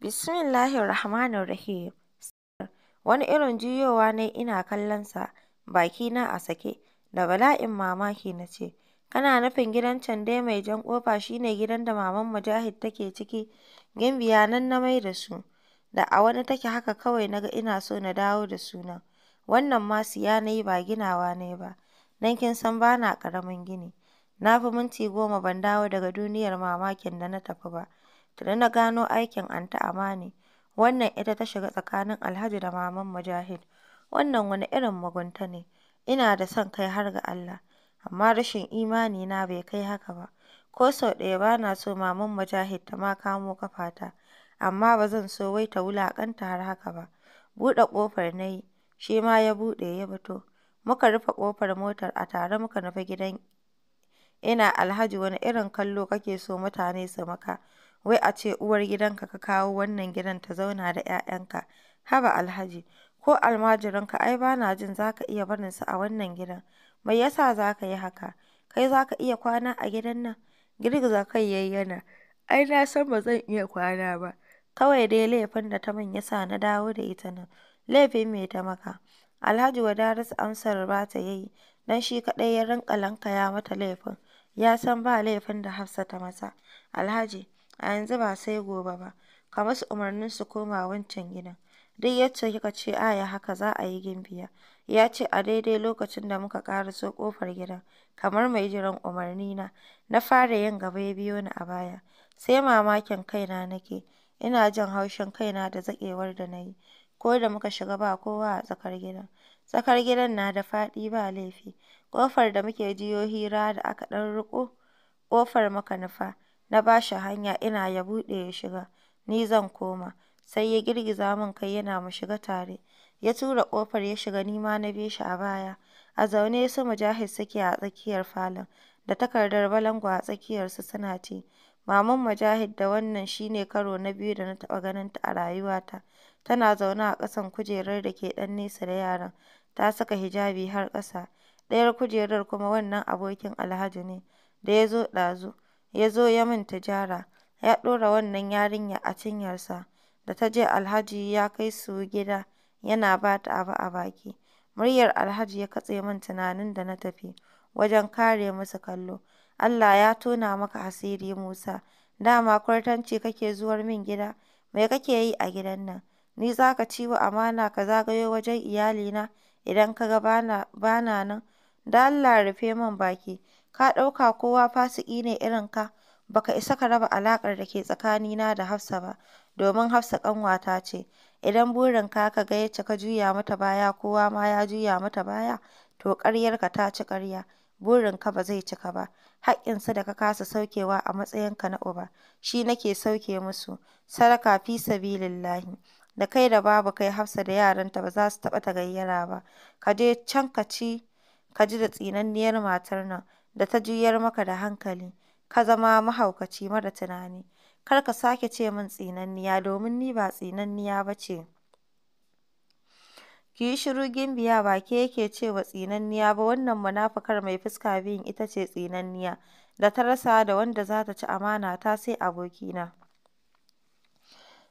Bismillahir Rahmanir Rahim. Wani irin juyowa ne ina ina kallonsa, bakina a sake, da bala'in mamaki na ce, Kana nufin gidan can dai mai jan ƙofa shine gidan da maman Mujahid take ciki, gimbiya nan na mai da su, da a wani take haka kawai na ga ina so na dawo da sunan. Wannan ma siya na ba ginawa ne ba, Dan kin san ba na ƙaramin gini. Na fi minti goma ban dawo daga duniyar mamakin da na tafi ba. Tuni na gano aikin Anty amani wannan ita ta shiga tsakanin Alhaji da Maman Mujahid, wannan wani irin mugunta ne, ina da son kai har ga Allah, amma rashin imani na bai kai haka ba, ko sau ɗaya ba na so Maman Mujahid ta ma kamo ƙafata, amma ba zan so wai ta wulaƙanta har haka ba, buɗe ƙofar na yi, shi ma ya buɗe ya fito, muka rufe ƙofar motar a tare muka nufi gidan ina Alhaji wani irin kallo kake so mutane su maka? wai a ce uwar gidanka ka kawo wannan gidan ta zauna da 'ya'yanka, haba Alhaji, ko almajirinka ai ba na jin za ka iya su a wannan gidan, me yasa za ka yi haka, kai za ka iya kwana a gidan nan? Girgiza kai ya yi yana, ai na san ba zan iya kwana ba, kawai dai laifin da ta min ya sa na dawo da ita nan, laifin me ta maka? Alhaji Wadaris amsar ba ta yi, don shi kaɗai ya rinƙa lankaya mata laifin, ya san ba laifin da Hafsa ta masa. Alhaji, a yanzu ba sai gobe ba, ka ba su umarnin su koma wancan gidan, duk yadda kika ce a ya haka za a yi Gimbiya," ya ce a daidai lokacin da muka ƙara so ƙofar gidan kamar mai jiran umarni na na fara yin gaba ya biyo ni a baya, sai mamakin kaina nake, ina jin haushin kaina da zaƙewar da na yi, ko da muka shiga ba kowa a tsakar gidan, tsakar gidan na da faɗi ba laifi, ƙofar da muke jiyo hira da aka ɗan riƙo, ƙofar muka nufa. Na ba shi hanya, ina ya buɗe ya shiga, ni zan koma, sai ya girgiza min kai yana mu shiga tare, ya tura ƙofar ya shiga ni ma na bi shi a baya, a zaune su Mujahid suke a tsakiyar falon, da takardar balangu a tsakiyarsu suna ce. maman Mujahid da wannan shi ne karo na biyu da na taɓa ganin ta a rayuwata, tana zaune a ƙasan kujerar da ke ɗan nesa da yaran, ta saka hijabi har ƙasa, ɗayar kujerar kuma wannan abokin Alhaji ne, da ya zo ɗazu. ya zo ya min tijara, ya ɗora wannan yarinya a cinyarsa, da ta je Alhaji ya kai su gida yana ba ta abu a baki, muryar Alhaji ya katse min tunanin da na tafi wajen kare musu kallo, Allah ya tona maka asiri Musa, dama kwartanci kake zuwar min gida, mai kake yi a gidan nan, ni za ka ciwa amana ka zagayo wajen iyalina idan ka ga bana nan, da Allah rufe min baki. Ka ɗauka kowa fasiki ne irin ka? Ba ka isa ka raba alaƙar da ke tsakanina da Hafsa ba, domin Hafsa ƙanwata ce. Idan burinka ka ga ya cika juya mata baya kowa ma ya juya mata baya, to ƙaryarka ta ci ƙarya, ka ba zai cika ba. Haƙƙinsa da ka kasa saukewa a matsayinka na uba, shi nake sauke musu. Sadaka fi sabilillahi. Da kai da babu kai Hafsa da yaranta ba za su taɓa gayyara ba. Ka je can ka ji da tsinanniyar matar nan. da ta juyar maka da hankali ka zama mahaukaci mara tunani. Kar ka sake ce min tsinanniya domin ni ba tsinanniya ba ce. Ki yi shiru Gimbiya ba ke yake cewa tsinanniya ba wannan munafukar mai fuska biyun ita ce tsinanniya da ta rasa da wanda za ta ci amana ta sai abokina.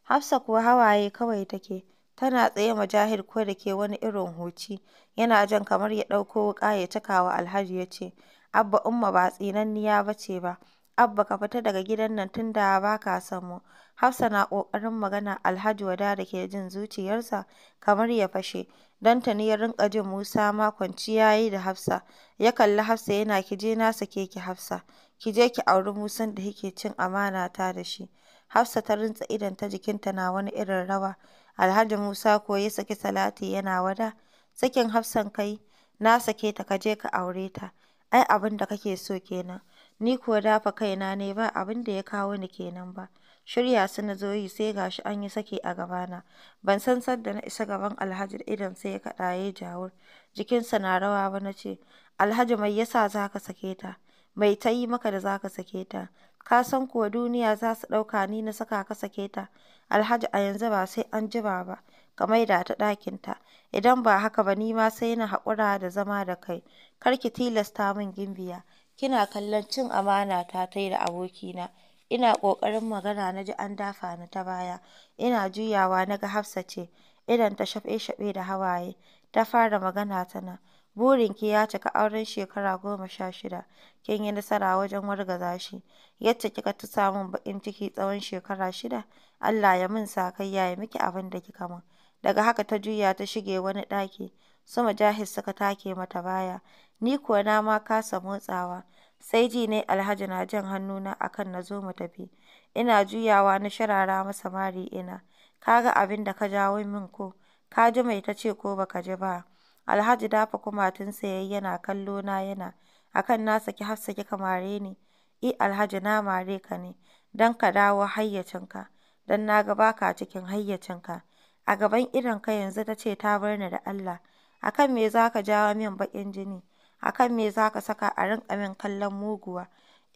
Hafsa kuwa hawaye kawai take, tana tsaye Mujahid ko da ke wani irin huci, yana jan kamar ya ɗauko wuƙa ya cika wa Alhaji ya ce, Abba Umma ba tsinanniya ba ce ba, Abba ka fita daga gidan nan tun da ba ka san mu. Hafsa na ƙoƙarin magana Alhaji Wada da ke jin zuciyarsa kamar ya fashe, don ta ni ya rinƙa jin Musa ma kwanciya ya yi da Hafsa, ya kalli Hafsa yana ki je na sake ki Hafsa, ki je ki auri Musan da kike cin amana ta da shi. Hafsa ta rintsa ta jikinta na wani irin rawa, Alhaji Musa koyi ya saki Salati yana Wada, sakin Hafsan kai. na sake ta ka je ka aure ta. ai abin da kake so kenan, ni kuwa dafa kaina ne ba abin da ya kawo ni kenan ba, shirya su na zo yi sai gashi an yi sake a gabana, ban san sadda na isa gaban Alhaji idan sai ya kaɗa ya yi jawur, jikinsa na rawa ba na ce, Alhaji mai yasa za ka sake ta? Mai ta yi maka da za ka sake ta? Ka san kuwa duniya za su ɗauka ni na saka ka sake ta, Alhaji a yanzu ba sai an jiba ba, ka maida ta ɗakinta, Idan ba haka ba nima sai na haƙura da zama da kai. Kar ki tilasta min Gimbiya. Kina kallon cin amana ta tai da abokina. Ina ƙoƙarin magana na ji an dafa ni ta baya. Ina juyawa na ga Hafsa ce, ta shafe-shafe da hawaye. Ta fara magana tana, ki ya cika auren shekara goma sha shida. Kin yi nasara wajen wargaza shi. Yadda kika ta samun baƙin ciki tsawon shekara shida, Allah ya min kai ya miki abin da kika min. Daga haka ta juya ta shige wani ɗaki, su majahis suka take mata baya, ni kuwa na ma kasa motsawa, sai ji ne Alhaji na jan hannuna a kan na zo mu tafi, ina juyawa na sharara masa mari ina, ka ga abin da ka jawo min ko, ka ji mai ta ce ko baka ka ji ba? Alhaji dafa kuma tun yi yana kallona yana, Akan na saki Hafsa kika mare ni? I Alhaji na mare ka ne, don ka dawo hayyacinka, don na ga baka ka cikin hayyacinka. a gaban idonka yanzu ta ce ta bar ni da Allah, a kan me za ka jawo min bakin jini, a kan me za ka saka a rinka min kallon muguwa,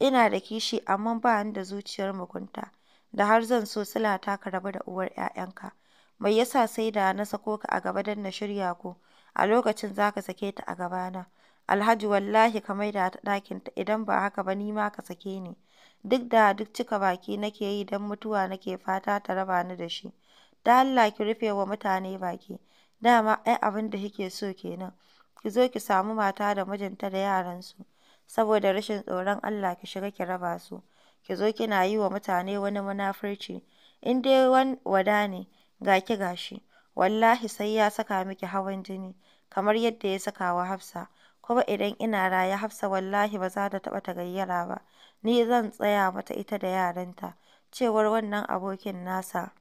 ina da kishi amma ba ni da zuciyar mugunta, da har zan so silata ka rabu da uwar 'ya'yanka. Mai yasa sai da na sako ka a gaba dan na shirya ko? a lokacin za ka sake ta a gabana. Alhaji wallahi ka maida ta ta idan ba haka ba ni ma ka sake ni. Duk da duk cika baki nake yi dan mutuwa nake fata ta raba ni da shi. Da Allah ki rufe wa mutane baki, dama ai abin da kike so kenan, ki zo ki samu mata da mijinta da yaran su saboda rashin tsoron Allah ki shiga ki raba su, ki zo kina yi wa mutane wani munafurci, in dai wada ne ga ki gashi. wallahi sai ya saka miki hawan jini, kamar yadda ya saka wa Hafsa, kuma idan ina raye Hafsa wallahi ba za ta taɓa gayyara ba, ni zan tsaya mata ita da yaran ta. cewar wannan abokin nasa.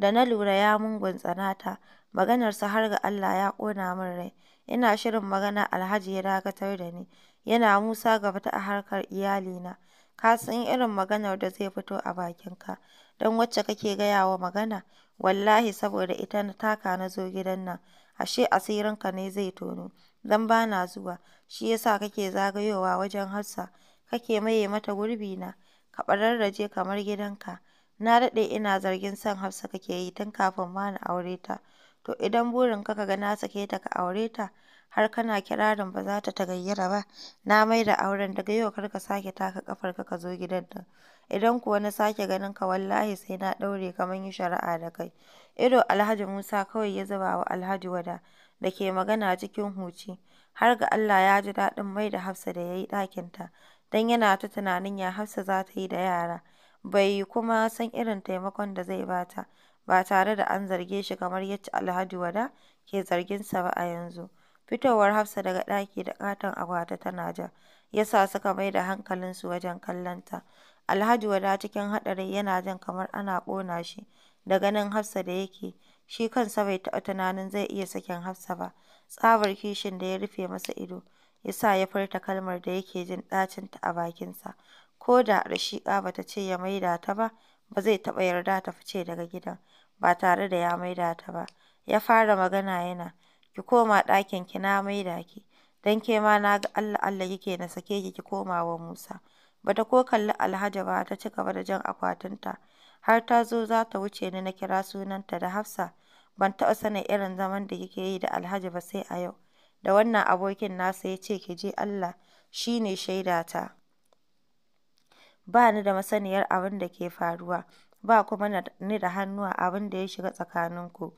da na lura ya mungun tsanata maganarsa har ga Allah ya ƙona min rai, ina shirin magana Alhaji ya dakatar da ni, yana “Musa gaba fita a harkar iyalina, ka san irin maganar da zai fito a bakinka, don wacce kake gaya wa magana, wallahi saboda ita na taka na zo gidan nan, ashe asirin ka ne zai tono, dan ba na zuwa, shi yasa kake zagayowa wajen Hafsat, kake maye mata gurbi na? ka ɓararraje kamar gidanka. Na daɗe ina zargin son hafsa kake yi tun kafin ma na aure ta, to idan burin ka ga na sake ta ka aure ta, har kana kirarin ba za ta tagayyara ba, na mai da auren, daga yau kar ka sake taka ƙafarka ka zo gidan nan, idan kuwa na sake ganin ka wallahi sai na ɗaure ka mun yi shari'a da kai. Ido Alhaji Musa kawai ya zuba wa Alhaji Wada da ke magana cikin huci, har ga Allah ya ji daɗin mai da hafsa da ya yi ɗakinta, don yana ta tunanin ya hafsa za ta yi da yara. bai kuma san irin taimakon da zai bata. ba tare da an zarge shi kamar yadda Alhaji Wada ke zargin sa ba a yanzu. Fitowar hafsa daga daki da katon akwata tana ja, yasa suka mai da hankalin su wajen kallon ta. Alhaji Wada cikin haɗari yana jin kamar ana ƙona shi da ganin hafsa da yake, shi kansa bai taɓa tunanin zai iya sakin hafsa ba. Tsabar kishin da ya rufe masa ido, yasa ya furta kalmar da yake jin ɗacinta a bakinsa. ko da Rashika ba ta ce ya maida ta ba, ba zai taɓa yarda ta fice daga gidan ba tare da ya maida ta ba. Ya fara magana yana, "Ki koma ɗakin ki na maida ki, dan ke ma na ga Allah-Allah yake na sake ki ki koma wa Musa." Ba ta ko kalli Alhaji ba ta ci gaba da jan akwatinta har ta zo za ta wuce ni na kira sunanta da Hafsa. Ban taɓa sanin irin zaman da kike yi da Alhaji ba sai a yau, da wannan abokin nasa ya ce ki je Allah shine ne shaidata. Ba ni da masaniyar abin da ke faruwa, ba kuma ni da hannu a abin da ya shiga tsakaninku,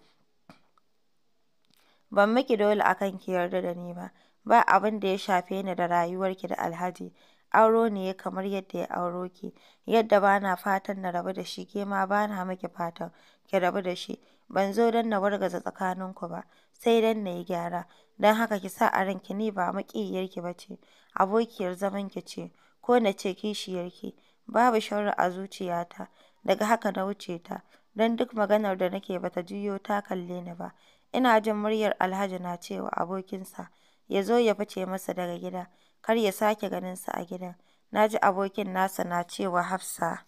ban miki dole a kan ki yarda da ni ba, ba abin da ya shafe ni da rayuwarki da Alhaji, auro ne ya kamar yadda ya auro ki, yadda ba na fatan na rabu da shi ke ma ba na miki fatan ki rabu da shi, ban zo don na wargaza tsakaninku ba, sai don na yi gyara, don haka ki sa a ranki ni ba maƙiyiyarki ba ce, abokiyar zamanki ce. ko na ce kishiyarki, babu sharri a zuciyata, daga haka na wuce ta, don duk maganar da nake bata jiyo juyo ta kalle ni ba, ina jin muryar Alhaji na cewa abokinsa ya zo ya fice masa daga gida, kar ya sake ganin sa a gidan, na ji abokin nasa na cewa Hafsa.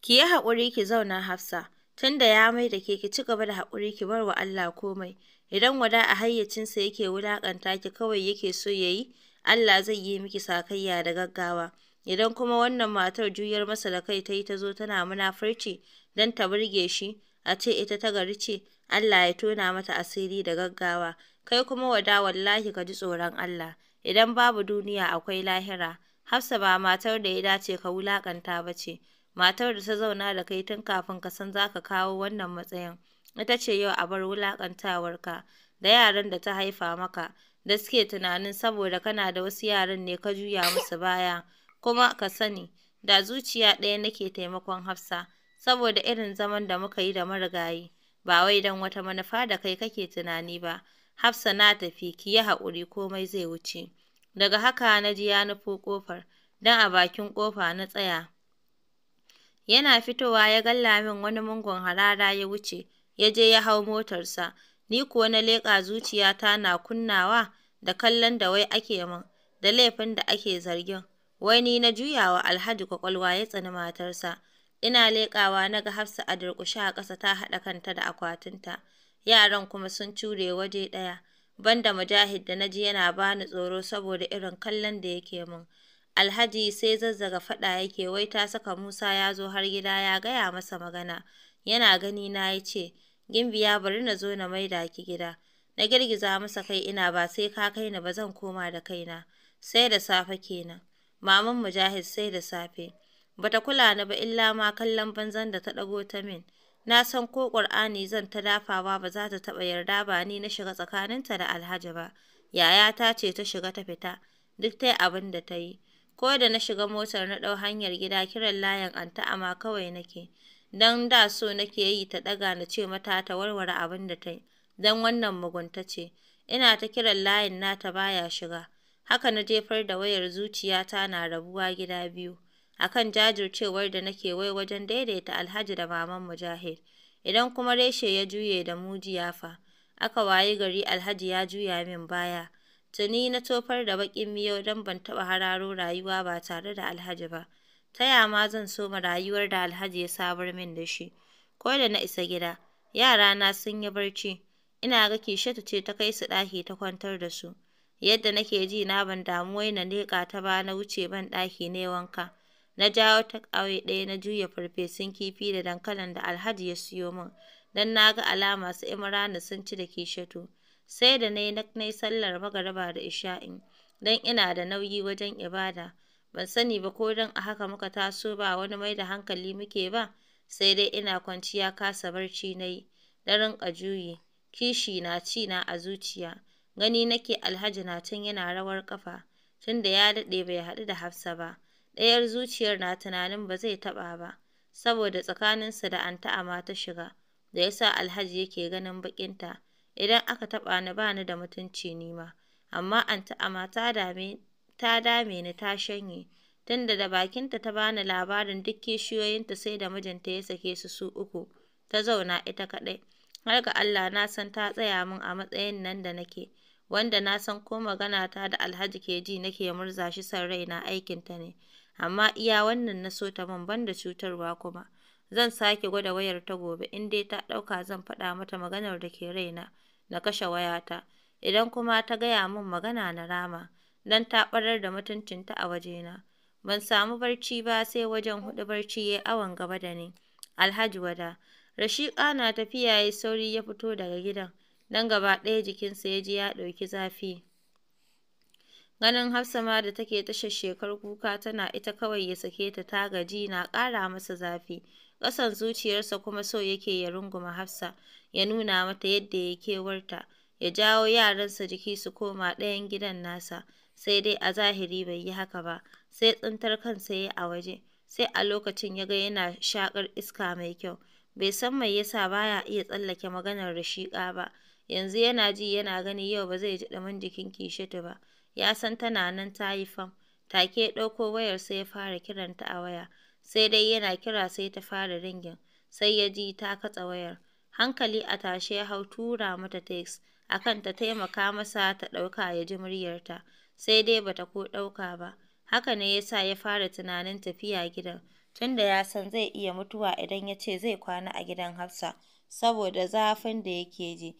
Ki yi haƙuri ki zauna Hafsa, tunda ya mai da ke ki ci gaba da haƙuri ki bar wa Allah komai, idan wada a hayyacinsa yake wulaƙanta ki kawai yake so ya yi Allah zai yi miki sakayya da gaggawa idan kuma wannan matar juyar masa da kai ta yi ta zo tana munafurci don ta burge shi a ce ita ta gari ce Allah ya tona mata asiri da gaggawa kai kuma wada wallahi ka ji tsoron Allah idan babu duniya akwai lahira Hafsa ba matar da ya dace ka wulakanta ba ce matar da ta zauna da kai tun kafin ka san za ka kawo wannan matsayin ita ce yau a bar wulakantawarka da yaran da ta haifa maka da suke tunanin saboda kana da wasu yaran ne ka juya musu baya, kuma ka sani, da zuciya ɗaya nake taimakon Hafsa, saboda irin zaman da muka yi da marigayi, ba wai don wata manufa da kai kake tunani ba. Hafsa na tafi, ki yi haƙuri komai zai wuce. Daga haka na ji ya nufo ƙofar, don a bakin ƙofa na tsaya. Yana fitowa ya galla min wani mungon harara ya wuce, ya je ya hau motarsa. Ni kuwa na leƙa zuciyata na kunnawa da kallon da wai ake min, da laifin da ake zargin, wai ni na juyawa Alhaji kwakwalwa ya tsani matarsa, ina leƙawa na ga Hafsa a durƙushe a ƙasa ta haɗa kanta da akwatinta, yaran kuma sun cure waje ɗaya, Banda Mujahid da na ji yana bani tsoro saboda irin kallon da yake min. Alhaji sai zazzaga faɗa yake wai ta saka Musa ya zo har gida ya gaya masa magana, yana gani na ya ce, Gimbiya bari na zo na maida ki gida. Na girgiza masa kai ina ba sai ka kai ni ba zan koma da kaina. Sai da safe kenan. Maman Mujahid sai da safe. Bata kula ni ba illa ma kallon banzan da ta ɗago ta min. Na san ko Ƙur'ani zan ta dafawa ba za ta taɓa yarda ba ni na shiga tsakaninta da Alhaji ba. Yaya ta ce ta shiga ta fita. Duk tai abin da ta yi. Ko da na shiga motar na ɗau hanyar gida kiran layin Anta Ama kawai nake. don da so nake yi ta ɗaga na ce mata ta warware abin da ta yi, don wannan mugunta ce. Ina ta kiran layin nata baya shiga, haka na jefar da wayar zuciyata na rabuwa gida biyu, akan jajircewar da nake wai wajen daidaita Alhaji da Maman Mujahid. Idan kuma reshe ya juye da mujiya fa, aka wayi gari Alhaji ya juya min baya. Tuni na tofar da baƙin miyau don ban taɓa hararo rayuwa ba tare da Alhaji ba. ta ya ma zan so ma rayuwar da Alhaji ya sabar min da shi. Ko da na isa gida, yarana sun yi barci, ina ga Kishatu ce ta kai su ɗaki ta kwantar da su. Yadda nake ji na ban damu wai na leƙa ta ba na wuce ban ɗaki ne wanka. Na jawo ta ƙauye ɗaya na juya farfesun kifi da dankalin da Alhaji ya siyo min, don na ga alama su Imrana sun ci da Kishatu. Sai da na yi sallar magariba da isha'in, don ina da nauyi wajen ibada. Ban sani ba ko don a haka muka taso ba wani mai da hankali muke ba, sai dai ina kwanciya kasa barci na yi, na rinƙa juyi, kishi na ci na a zuciya, gani nake Alhaji na can yana rawar ƙafa, tunda ya daɗe bai haɗu da Hafsa ba, ɗayar zuciyar na tunanin ba zai taɓa ba, saboda tsakaninsa da Anta'ama ta shiga, da ya sa Alhaji yake ganin baƙinta, idan aka taɓa ni ba ni da mutunci ni ma, amma Anta'ama ta dame ta dame ni ta shanye, tunda da bakinta ta bani labarin duk kishiyoyinta sai da mijinta ya sake su su uku, ta zauna ita kaɗai. Har ga Allah na san ta tsaya min a matsayin nan da nake, wanda na san ko magana ta da Alhaji ke ji nake murza shi son aikin ta ne, amma iya wannan na so ta min da cutarwa kuma. Zan sake gwada wayar ta gobe in dai ta ɗauka zan faɗa mata maganar da ke raina, na kashe wayata. Idan kuma ta gaya min magana na rama. don ta ɓarar da mutuncinta a wajena. Ban samu barci ba sai wajen huɗu barci ya yi awon gaba da ni. Alhaji Wada. Rashiƙa na tafiya ya sauri ya fito daga gidan, don gaba ɗaya jikinsa ya ji ya ɗauki zafi. Ganin Hafsa ma da take tashar shekar kuka tana ita kawai ya sake ta ta gaji na ƙara masa zafi. Ƙasan zuciyarsa kuma so yake ya runguma Hafsa, ya nuna mata yadda ya kewarta, ya jawo yaransa jiki su koma ɗayan gidan nasa. sai dai a zahiri bai yi haka ba, sai tsintar kansa ya a waje, sai a lokacin ya ga yana shakar iska mai kyau, bai san mai yasa baya iya tsallake maganar Rashiƙa ba, yanzu yana ji yana gani yau ba zai ji ɗumin jikin kishitu ba, ya san tana nan ta yi fam, take ɗauko wayar sai ya fara kiranta a waya, sai dai yana kira sai ta fara ringin, sai ya ji ta katsa wayar, hankali a tashe ya hau tura mata text akan ta taimaka masa ta ɗauka ya ji muryarta. sai dai bata ko ɗauka ba. Haka ne ya sa ya fara tunanin tafiya gidan, tunda ya san zai iya mutuwa idan ya ce zai kwana a gidan Hafsa, saboda zafin da yake ji.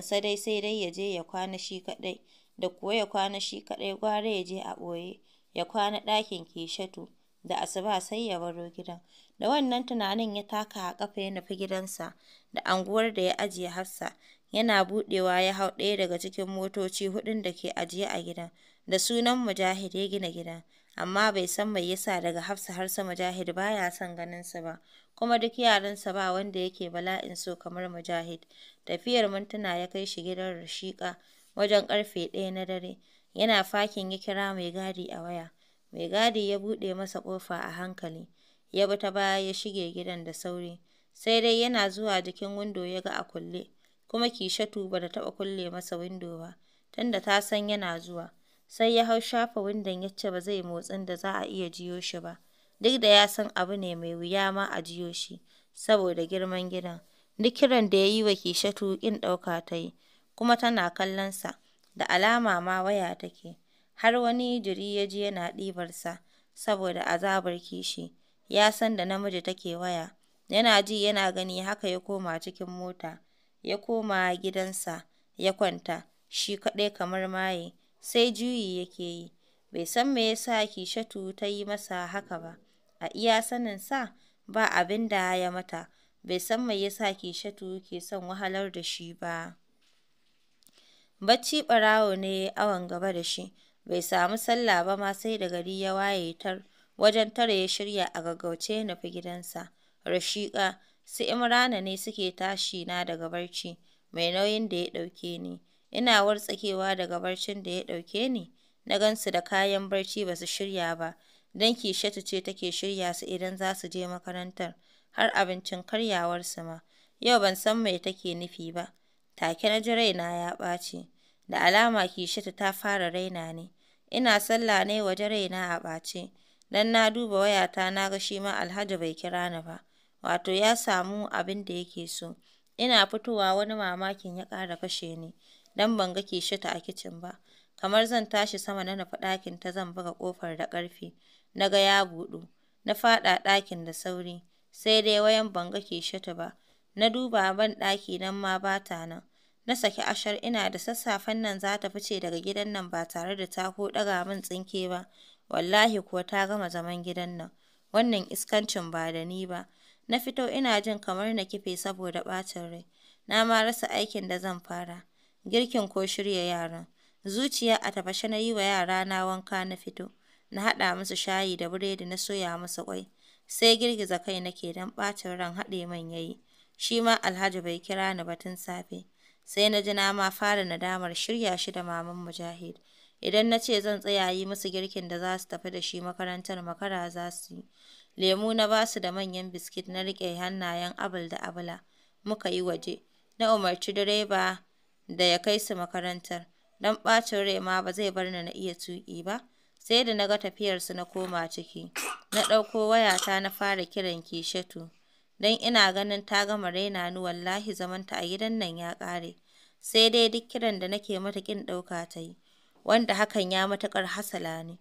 sa dai sai dai ya je ya kwana shi kaɗai, da kuwa ya kwana shi kaɗai gwara ya je a ɓoye, ya kwana ɗakin Keshatu, da asuba sai ya baro gidan. Da wannan tunanin ya taka a ƙafa ya nufi gidansa, da anguwar da ya ajiye Hafsa. Yana buɗewa ya hau ɗaya daga cikin motoci huɗun da ke ajiye a gidan, da sunan Mujahid ya gina gidan, amma bai san mai yasa daga Hafsa har sa Mujahid ba ya son ganinsa ba, kuma duk yaransa ba wanda yake bala'in so kamar Mujahid. Tafiyar mintuna ya kai shi gidan rashika. wajen karfe ɗaya na dare. Yana fakin ya kira mai gadi a waya. Mai gadi ya buɗe masa ƙofa a hankali, ya bi ta baya ya shige gidan da sauri, sai dai yana zuwa jikin windo ya ga a kulle. kuma Kishatu ba ta taɓa kulle masa windo ba tunda ta san yana zuwa. Sai ya hau shafa windon ya ce ba zai motsin da za a iya jiyo shi ba, duk da ya san abu ne mai wuya ma a jiyo shi, saboda girman gidan. Duk kiran da ya yi wa Kishatu ƙin ɗauka ta yi, kuma tana kallon sa, da alama ma waya take. Har wani jiri ya ji yana ɗibarsa saboda azabar kishi, ya san da namiji take waya. Yana ji yana gani haka ya koma cikin mota. ya koma gidansa ya kwanta shi kaɗai kamar maye, sai juyi yake yi. Bai san me yasa Kishatu ta yi masa haka ba, a iya sanin sa ba abin da ya mata, bai san me yasa Kishatu ke son wahalar da shi ba. Bacci ɓarawo ne awon gaba da shi, bai samu sallah ba ma sai da gari ya waye tar wajen tare ya shirya a gaggauce na fi gidansa. Rashiƙa Su Imrana ne suke tashi na daga barci mai nauyin da ya ɗauke ni, ina wartsakewa daga barcin da ya ɗauke ni, na gansu da kayan barci ba su shirya ba, don Kishatu ce take shirya su idan za su je makarantar, har abincin karyawarsu ma, yau ban san mai take nufi ba, take na ji raina ya ɓaci, da alama Kishatu ta fara raina ne. ina sallah ne waje raina a ɓace, don na duba wayata na ga shi ma Alhaji bai kira ni ba. wato ya samu abin da yake so. Ina fitowa wani mamakin ya ƙara kashe ni, dan ban ga ta a kicin ba. Kamar zan tashi sama na nufi ta zan buga kofar da ƙarfi, na ga ya buɗu. Na faɗa ɗakin da sauri, sai dai wayan ban ga ta ba. Na duba ban banɗaki nan ma ba ta nan. Na saki ashar ina da sassafen nan za ta fice daga gidan nan ba tare da ta ko ɗaga min tsinke ba. Wallahi kuwa ta gama zaman gidan nan. Wannan iskancin ba da ni ba. Na fito ina jin kamar na kife saboda ɓacin rai, na ma rasa aikin da zan fara, girkin ko shirya yaran. Zuciya a tafashe na yi wa yara na wanka na fito, na haɗa musu shayi da biredi na soya musu ƙwai, sai girgiza kai nake don ɓacin ran haɗe man ya yi. Shi ma Alhaji bai kira ni ba tun safe, sai na ji na ma fara nadamar shirya shi da Maman Mujahid. Idan na ce zan tsaya yi musu girkin da za su tafi da shi makarantar makara za su yi. lemu na basu da manyan biskit na riƙe hannayen abul da abula muka yi waje. Na umarci direba da ya kai su makarantar, don ɓacin rai ma ba zai bar ni na iya tuƙi ba, sai da na ga tafiyarsu na koma ciki. Na ɗauko wayata na fara kiran kishatu don ina ganin ta gama raina ni wallahi zamanta a gidan nan ya ƙare, sai dai duk kiran da nake mata ƙin ɗauka ta yi, wanda hakan ya matuƙar hasala ne.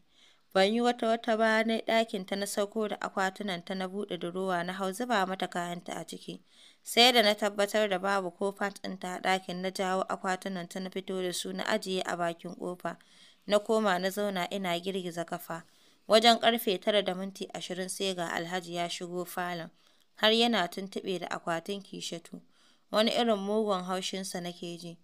Ban yi wata-wata ba na ɗakin ɗakinta na sauko da akwatunan ta na buɗe durowa na hau zuba mata kayanta a ciki. Sai da na tabbatar da babu ko fat ɗinta a ɗakin na jawo akwatunan ta na fito da su na ajiye a bakin ƙofa. Na koma na zauna ina girgiza kafa. Wajen ƙarfe tara da minti ashirin sai ga Alhaji ya shigo falon, har yana tuntuɓe da akwatin Kishatu. Wani irin mugun haushinsa nake ji.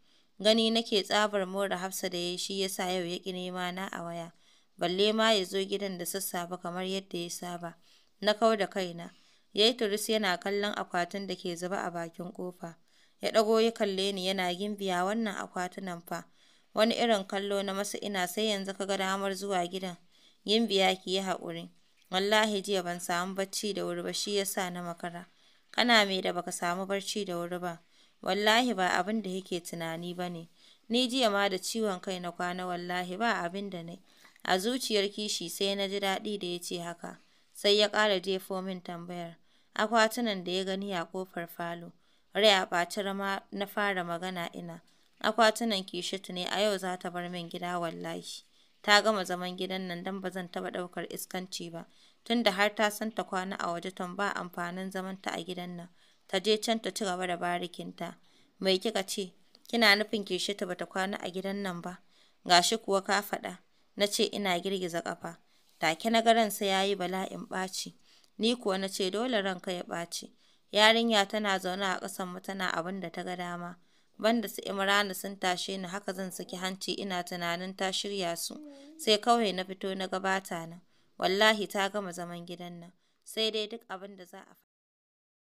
Gani nake tsabar more Hafsa da ya shi ya sa yau ya ƙi nema na a waya. balle ma ya zo gidan da sassafe kamar yadda ya saba. Na kau da kaina, ya yi turis yana kallon akwatin da ke zuba a bakin kofa. Ya ɗago ya kalle ni yana gimbiya wannan akwatunan fa. Wani irin kallo na masu ina sai yanzu ka ga damar zuwa gidan. Gimbiya ki yi haƙuri. Wallahi jiya ban samu barci da wuri ba shi yasa na makara. Kana me da baka samu barci da wuri ba. Wallahi ba abin da yake tunani ba ne. Ni jiya ma da ciwon kai na kwana wallahi ba abin da ne A zuciyar kishi sai na ji daɗi da ya ce haka, sai ya ƙara jefo min tambayar, akwatunan da ya gani a ƙofar falo. Rai a ma na fara magana ina, akwatunan Kishatu ne a yau za ta bar min gida wallahi. Ta gama zaman gidan nan don ba zan taɓa ɗaukar iskanci ba, tunda har ta san ta kwana a waje ton ba amfanin zaman ta a gidan nan, ta je can ta ci gaba da barikinta. mai kika ce, kina nufin Kishatu ba ta kwana a gidan nan ba? Gashi kuwa ka faɗa. na ce ina girgiza ƙafa. Take na ga ransa ya yi bala'in ɓaci, ni kuwa na ce dole ranka ya ɓaci. Yarinya tana zaune a mu tana abin da ta ga dama. Banda su Imrana sun tashe ni haka zan saki hanci ina tunanin ta shirya su, sai kawai na fito na gabata na. Wallahi ta gama zaman gidan nan, sai dai duk abin da za a